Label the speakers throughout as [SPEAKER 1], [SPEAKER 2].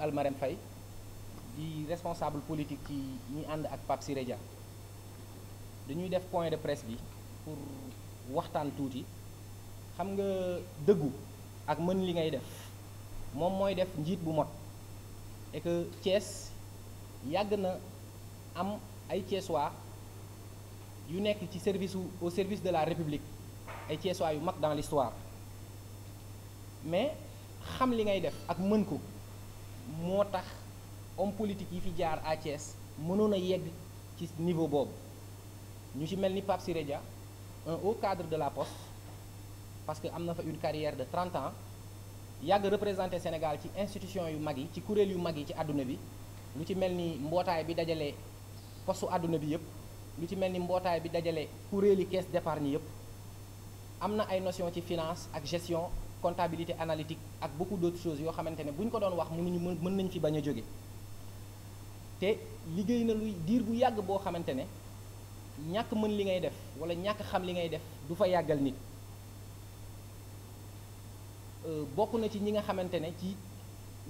[SPEAKER 1] Almarem Faye di responsable politique ci ñi ànd ak Pape Siré Dia dañuy def point de presse bi pour waxtaan tuuti xam nga dëggu ak mën li ngay def moom mooy def njiit bu mot et que Thiès yàgg na am ay Thiessois yu nekk ci service au service de la République ay Thiessois yu mag dans l'histoire mais xam li ngay def ak mën ko moo tax homme politique yi fi jaar à Thiès mënoon a yegg ci niveau boobu ñu ci mel ni Pape Siré Dia un haut cadre de la poste parce que am na fa une carrière de 30 ans yàgg représenté Sénégal ci institution yu mag yi ci kuréel yu mag yi ci àdduna bi lu ci mel ni mbootaay bi dajale postu àdduna bi yëpp lu ci mel ni mbootaay bi dajale kuréeli caisse d'épargne yëpp am na ay notion ci finance ak gestion comptabilité analytique ak beaucoup d' autres yoo xamante ne bu ñu ko doon wax mënuñu mën mën nañ fi bañ a jóge te liggéey na luy diir bu yàgg boo xamante ne ñàkk mën li ngay def wala ñàkk xam li ngay def du fa yàggal nit euh, bokk na ci ñi nga xamante ne ci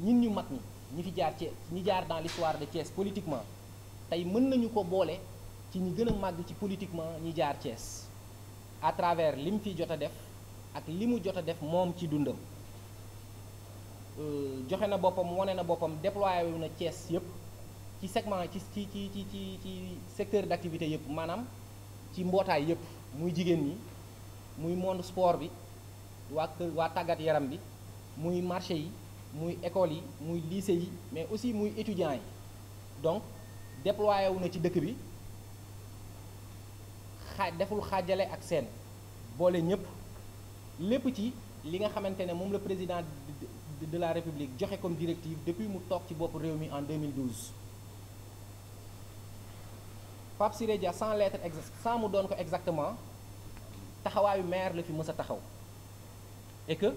[SPEAKER 1] ñin ñu mag ñi ñi fi jaar Thiès ñi jaar dans l'histoire de Thiès politiquement tey mën nañu ko boole ci ñi gën a màgg ci politiquement ñi jaar Thiès à travers lim fi jot a def ak li mu jot a def moom ci dundam euh, joxe na boppam wane na boppam déployé na cees yëpp ci segment ci ci ci ci ci ci secteur d'activité yëpp maanaam ci mbootaay yëpp muy jigéen ñi muy monde sport bi waa kër waa tàggat yaram bi muy marché yi muy école yi muy lycée yi mais aussi muy étudiants yi donc déployé na ci dëkk bi xaaj deful xaajale ak seen boole ñëpp lépp ci li nga xamante ne moom la président de la république joxe comme directive depuis mu toog ci bopp réew mi en 2012 Pape Siré Dia sans lettre exact sans mu doon ko exactement taxawaayu maire la fi mës a taxaw et que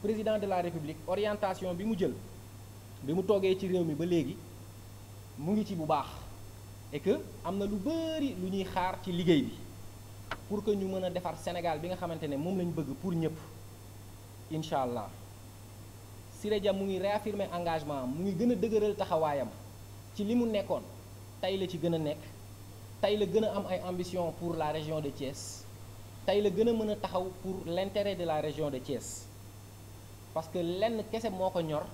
[SPEAKER 1] président de la république orientation bi mu jël bi mu toogee ci réew mi ba léegi mu ngi ci bu baax et que am na lu bari lu ñuy xaar ci liggéey bi pour que ñu mën a defar Sénégal bi nga xamante ne moom lañ bëgg pour ñëpp incha allah Siré Dia mu ngi réaffirmer engagement am mu ngi gën a dëgëral taxawaayam ci li mu nekkoon tey la ci gën a nekk tey la gën a am ay ambition pour la région de Thiès tey la gën a mën a taxaw pour l'intérêt de la région de Thiès parce que lenn kese moo ko ñor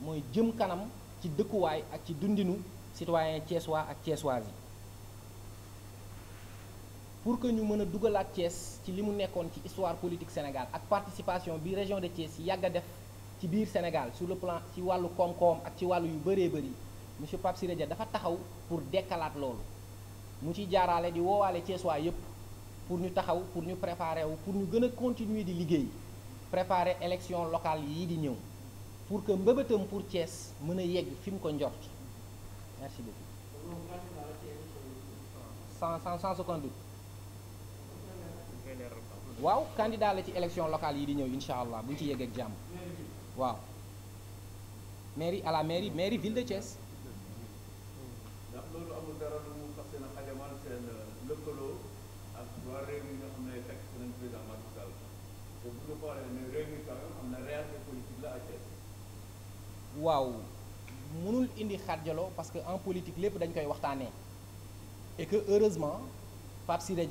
[SPEAKER 1] mooy jëm kanam ci dëkkuwaay ak ci dundinu citoyen thiessois ak thiessoises yi pour que ñu mën a dugalaat Thiès ci li mu nekkoon ci histoire politique Sénégal ak participation bi région de Thiès yàgg yàgga def ci biir Sénégal sur le plan ci wàllu koom-koom ak ci wàllu yu bëree bëri monsieur Pape Siré Dia dafa taxaw pour dekkalaat loolu mu ci jaaraale di woowaale Thiès waa yëpp pour ñu taxaw pour ñu préparer wu pour ñu gën a continuer di liggéey préparer élection locale yii di ñëw pour que mbëbëtam pour cees mën a yegg fi ko njort merci beaucoup sans sans waaw candidat la ci élection locale yi di ñëw incha allah bu ñu ci yegg ak jàmm waaw mairie à mairie mairie ville de Thiès. yi euh, nga yi quand même am na réalité politique la waaw mënul indi xaajaloo parce que en politique lépp dañ koy waxtaanee et que heureusement Pape Siré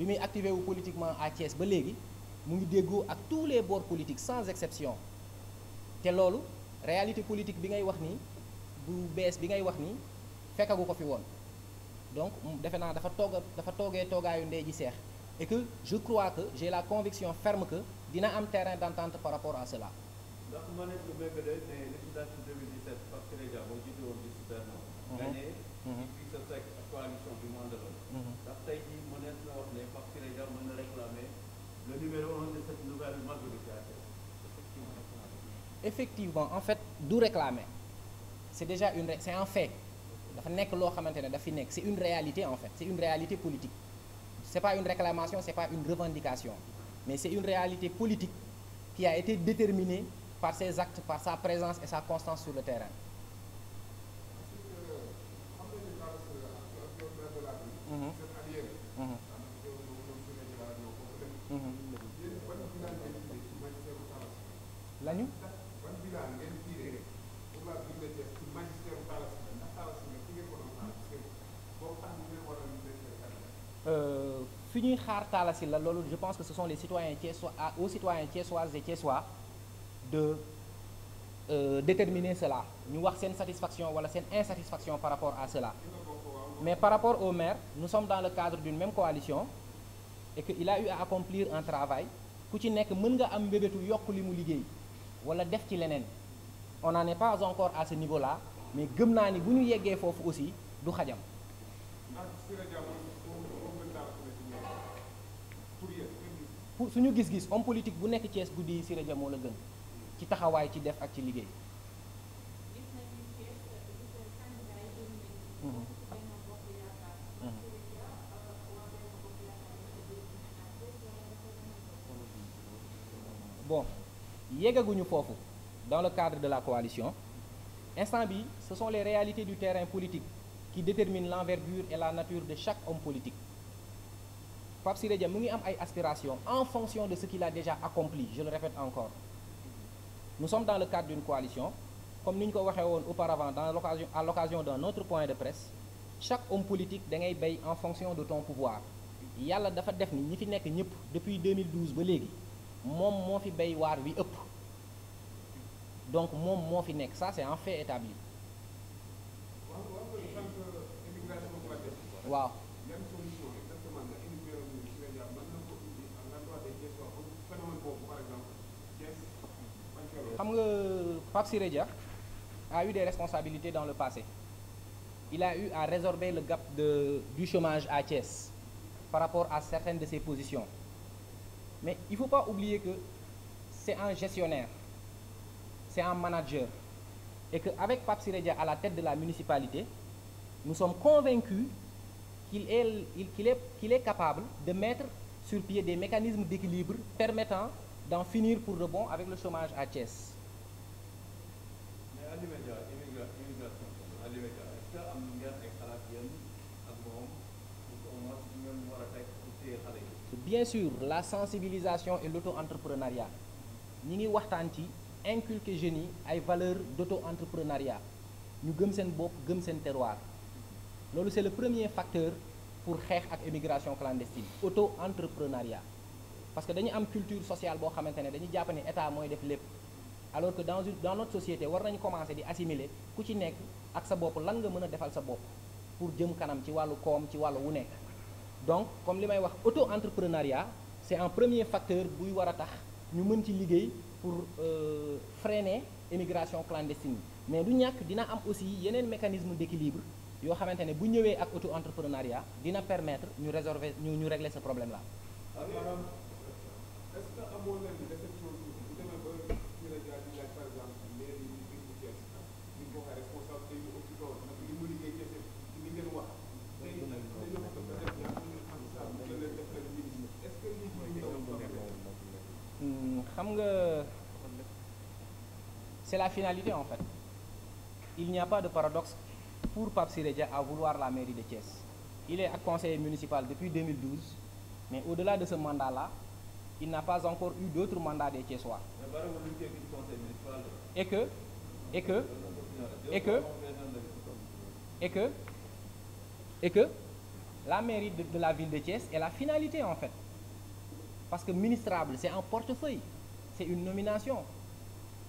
[SPEAKER 1] bi muy activé wu politiquement à Thiès ba léegi mu ngi déggoo ak tous les bords politiques sans exception te loolu réalité politique bi ngay wax nii bu bees bi ngay wax nii fekkagu ko fi woon donc defe naa dafa toog dafa toogee toogaayu ndey ji seex et que je crois que j'ai la conviction ferme que dina am terrain d'entente par rapport à cela. Mhm. Idrissa mhm. Seck effectivement en fait du réclamer c'est déjà une c'est un fait dafa nekk loo xamante ne daf nekk c'est une réalité en fait c'est une réalité politique c'est pas une réclamation c'est pas une revendication mais c'est une réalité politique qui a été déterminée par ses actes par sa présence et sa constance sur le terrain lañu euh, fi ñuy xaar Talla Sylla la loolu je pense que ce sont les citoyens thiessois ah, aux citoyens thiessoises et de euh, déterminer cela ñu wax seen satisfaction wala seen insatisfaction par rapport à cela mais par rapport au maire nous sommes dans le cadre d'une même coalition et que il a eu à accomplir un travail ku ci nekk mën nga am mbébétu yokk li mu liggéey wala def ci leneen on n'en est pas encore à ce niveau là mais gëm naa ni bu ñu yeggee foofu aussi du xajam. pour suñu gis-gis homme politique bu nekk Thiès guddi yi Siré Dia moo la gën ci taxawaay ci def ak ci liggéey. bon. yeggaguñu foofu dans le cadre de la coalition instant bi ce son les réalités du terrain politique qui déterminent l'envergure et la nature de chaque homme politique Pape Siré mu ngi am ay aspirations en fonction de ce qu'il a déjà accompli je le répète encore nous sommes dans le cadre d'une coalition comme ni ñu ko waxee woon auparavant dans l'occasion à l'occasion d'un autre point de presse chaque homme politique da ngay béy en fonction de ton pouvoir yàlla dafa def ni ñi fi nekk ñëpp depuis 2012 ba léegi moom moo fi bay waar wi ëpp donc moom moo fi nekk ça c'est un fait établi waaw xam nga Pape Siré Dia a eu des responsabilités dans le passé il a eu à résorber le gap du chômage à Thiès par rapport à certaines de ses positions mais il faut pas oublier que c'est un gestionnaire c'est un manager et que avec Pape à la tête de la municipalité nous sommes convaincus qu'il est qu'il capable de mettre sur pied des mécanismes d'équilibre permettant d'en finir pour de bon avec le chômage à Thiès. bien sûr la sensibilisation et l'auto-entrepreneuriat ñi ngi waxtaan ci inculquer jeunes yi ay valeurs d'auto-entrepreneuriat ñu gëm seen bopp gëm seen terroir loolu c'est le premier facteur pour xeex ak immigration clandestine auto-entrepreneuriat parce que dañu am culture sociale boo xamante ne dañu jàpp ne état mooy def lépp alors que dans une dans notre société war nañu commencer di assimiler ku ci nekk ak sa bopp lan nga mën a defal sa bopp pour jëm kanam ci wàllu koom ci wàllu wu nekk donc comme li may wax auto entrepreneuriat c' est un premier facteur buy war a tax ñu mën ci liggéey pour euh, freiner immigration clandestine yi mais du ñàkk dina am aussi yeneen mécanisme d' yoo xamante ne bu ñëwee ak auto entrepreneuriat dina permettre ñu résorber ñu ñu régler sa problème la xam nga c'est la finalité en fait il n'y a pas de paradoxe pour Pape Siré Dia à vouloir la mairie de Thiès il est conseil municipal depuis 2012 mais au-delà de ce mandat-là il n'a pas encore eu d'autres mandats des Thiessois et que et que et que et que et que la mairie de, de la ville de Thiès est la finalité en fait parce que ministrable c'est un portefeuille c'est une nomination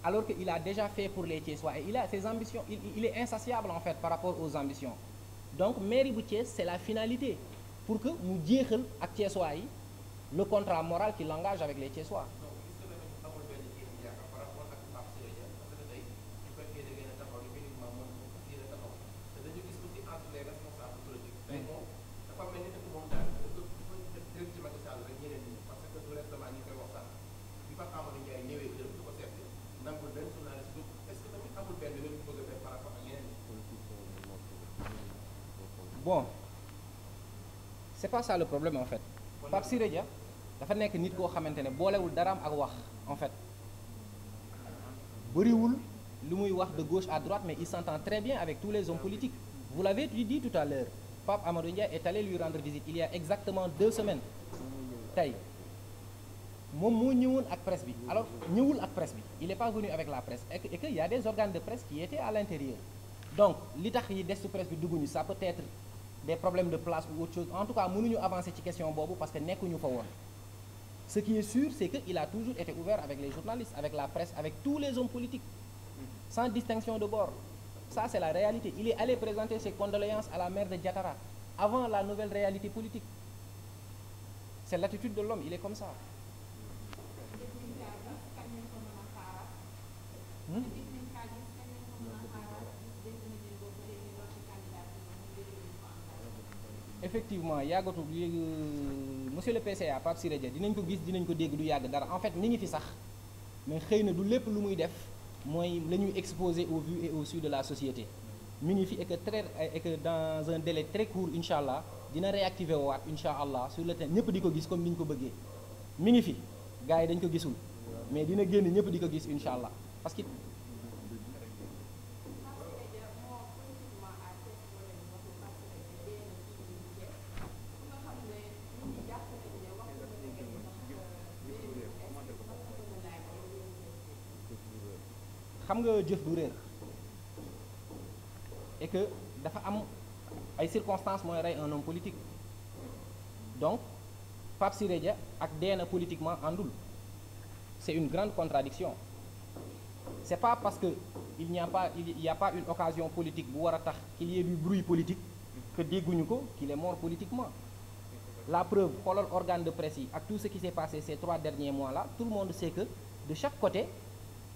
[SPEAKER 1] alors qu'il a déjà fait pour les Thiessois et il a ses ambitions il, est insatiable en fait par rapport aux ambitions donc mairie bu Thiès c'est la finalité pour que mu jeexal ak Thiessois yi le contrat moral qui l'engage avec les Thiessois c'est pas ça le problème en fait Pape Siré Dia dafa nekk nit koo xamante ne boolewul daraam ak wax en fait bëriwul lu muy wax de gauche à droite mais il s'entend très bien avec tous les hommes politiques vous l'avez dit tout à l'heure Pape Amadou Ndiaye est allé lui rendre visite il y a exactement deux semaines tey moom moo ñëwoon ak presse bi alors ñëwul ak presse bi il est pas venu avec la presse et que, et que y a des organes de presse qui étaient à l'intérieur donc li tax yi des su presse dugguñu ça peut des problèmes de place ou autre chose en tout cas mënuñu avancer ci question boobu parce que nekkuñu fa woon ce qui est sûr c'est que il a toujours été ouvert avec les journalistes avec la presse avec tous les hommes politiques sans distinction de bord ça c'est la réalité il est allé présenter ses condoléances à la mère de Diatara avant la nouvelle réalité politique c'est l'attitude de l'homme il est comme ça hmm? effectivement yàggatul léegi euh, monsieur le PCA Pape Siré Dia dinañ ko gis dinañ ko dégg du yàgg dara en fait mi ngi fi sax mais xëy na du lépp lu muy def mooy la ñuy exposé au vu et au su de la société mi ngi fi et que très et dans un délai très court incha allah dina réactiver waat incha allah sur le terrain ñëpp di ko gis comme ni ñu ko bëggee mi ngi fi gars yi dañ ko gisul mais dina génn ñëpp di ko gis incha allah parce que xam nga jëf du réer et que dafa am ay circonstances mooy rey un homme politique donc Pape ja Dia ak deena politiquement àndul c'est une grande contradiction c'est pas parce que il n'y a pas il y a pas une occasion politique bu war a tax qu'il y ait du bruit politique que dégguñu ko qu'il est mort la preuve xoolal organe de presse yi ak tout ce qui s'est passé ces trois derniers mois là tout le monde sait que de chaque côté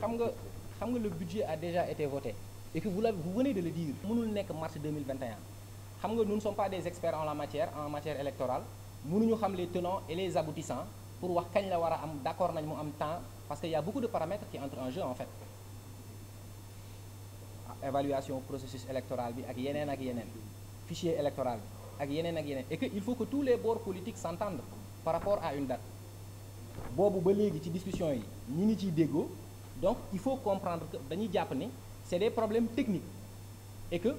[SPEAKER 1] xam nga xam nga le budget a déjà été voté et que vous l'avez vous venez de le dire mënul nekk mars 2021 xam nga nous ne sommes pas des experts en la matière en matière électorale mënuñu xam les tenants et les aboutissants pour wax kañ la war a am d'accord nañ mu am temps parce que y a beaucoup de paramètres qui entrent en jeu en fait ah, évaluation processus électoral bi ak yeneen ak yeneen fichier électoral bi ak yeneen ak yeneen et que il faut que tous les bords politiques s'entendent par rapport à une date boobu ba léegi ci discussion yi ñu ngi ciy donc il faut comprendre dañuy jàpp ni c'est des problèmes techniques et que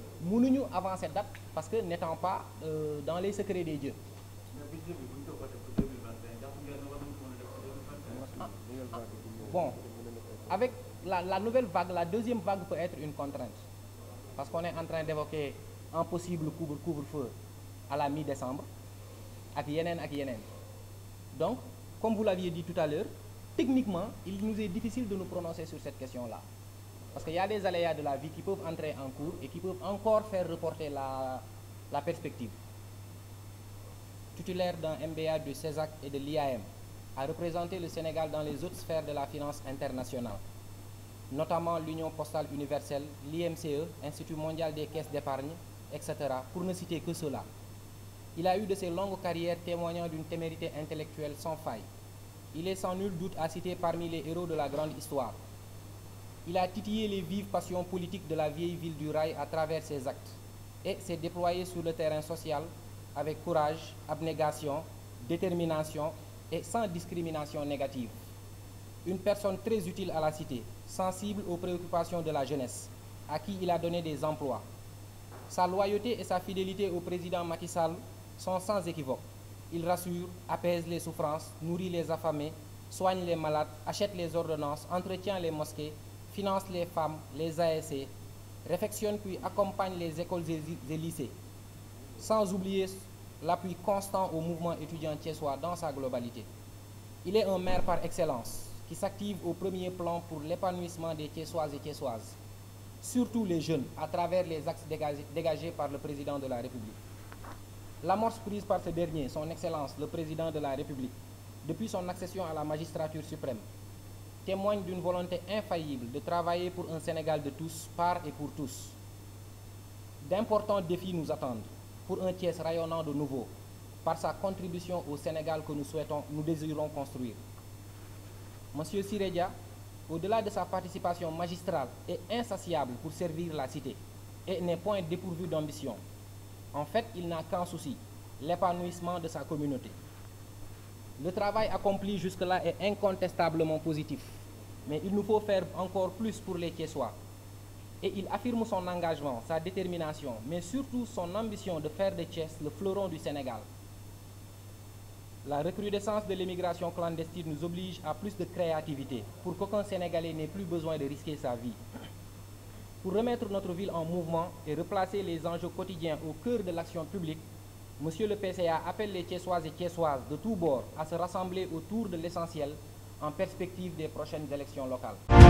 [SPEAKER 1] ñu avancer date parce que n'étant pas euh, dans les secrets des dieux. Ah, ah, bon avec la la nouvelle vague la deuxième vague peut être une contrainte parce qu'on est en train d'évoquer un possible couvre couvre-feu à la mi-décembre ak yeneen ak yeneen donc comme vous l'aviez dit tout à l'heure techniquement, il nous est difficile de nous prononcer sur cette question-là. Parce qu'il y a des aléas de la vie qui peuvent entrer en cours et qui peuvent encore faire reporter la, la perspective. Titulaire d'un MBA de CESAC et de l'IAM, a représenté le Sénégal dans les autres sphères de la finance internationale, notamment l'Union postale universelle, l'IMCE, Institut mondial des caisses d'épargne, etc., pour ne citer que cela. Il a eu de ses longues carrières témoignant d'une témérité intellectuelle sans il est sans nul doute à citer parmi les héros de la grande histoire. Il a titillé les vives passions politiques de la vieille ville du rail à travers ses actes et s'est déployé sur le terrain social avec courage, abnégation, détermination et sans discrimination négative. Une personne très utile à la cité, sensible aux préoccupations de la jeunesse, à qui il a donné des emplois. Sa loyauté et sa fidélité au président Macky Sall sont sans équivoque. Il rassure, apaise les souffrances, nourrit les affamés, soigne les malades, achète les ordonnances, entretient les mosquées, finance les femmes, les ASC, réfectionne puis accompagne les écoles et lycées. Sans oublier l'appui constant au mouvement étudiant thiessois dans sa globalité. Il est un maire par excellence qui s'active au premier plan pour l'épanouissement des Thiessoises et Thiessoises, surtout les jeunes, à travers les axes dégagés par le président de la République. L'amorce prise par ce dernier, son Excellence le Président de la République, depuis son accession à la magistrature suprême, témoigne d'une volonté infaillible de travailler pour un Sénégal de tous, par et pour tous. D'importants défis nous attendent pour un Thiès rayonnant de nouveau par sa contribution au Sénégal que nous souhaitons, nous désirons construire. Monsieur Siredia, au-delà de sa participation magistrale, et insatiable pour servir la cité et n'est point dépourvu d'ambition. En fait, il n'a qu'un souci, l'épanouissement de sa communauté. Le travail accompli jusque-là est incontestablement positif, mais il nous faut faire encore plus pour les Thiessois. Et il affirme son engagement, sa détermination, mais surtout son ambition de faire de Thiès le fleuron du Sénégal. La recrudescence de l'émigration clandestine nous oblige à plus de créativité pour qu'aucun Sénégalais n'ait plus besoin de risquer sa vie. Pour remettre notre ville en mouvement et replacer les enjeux quotidiens au cœur de l'action publique, Monsieur le PCA appelle les Thiessoises et Thiessoises de tous bords à se rassembler autour de l'essentiel en perspective des prochaines élections locales.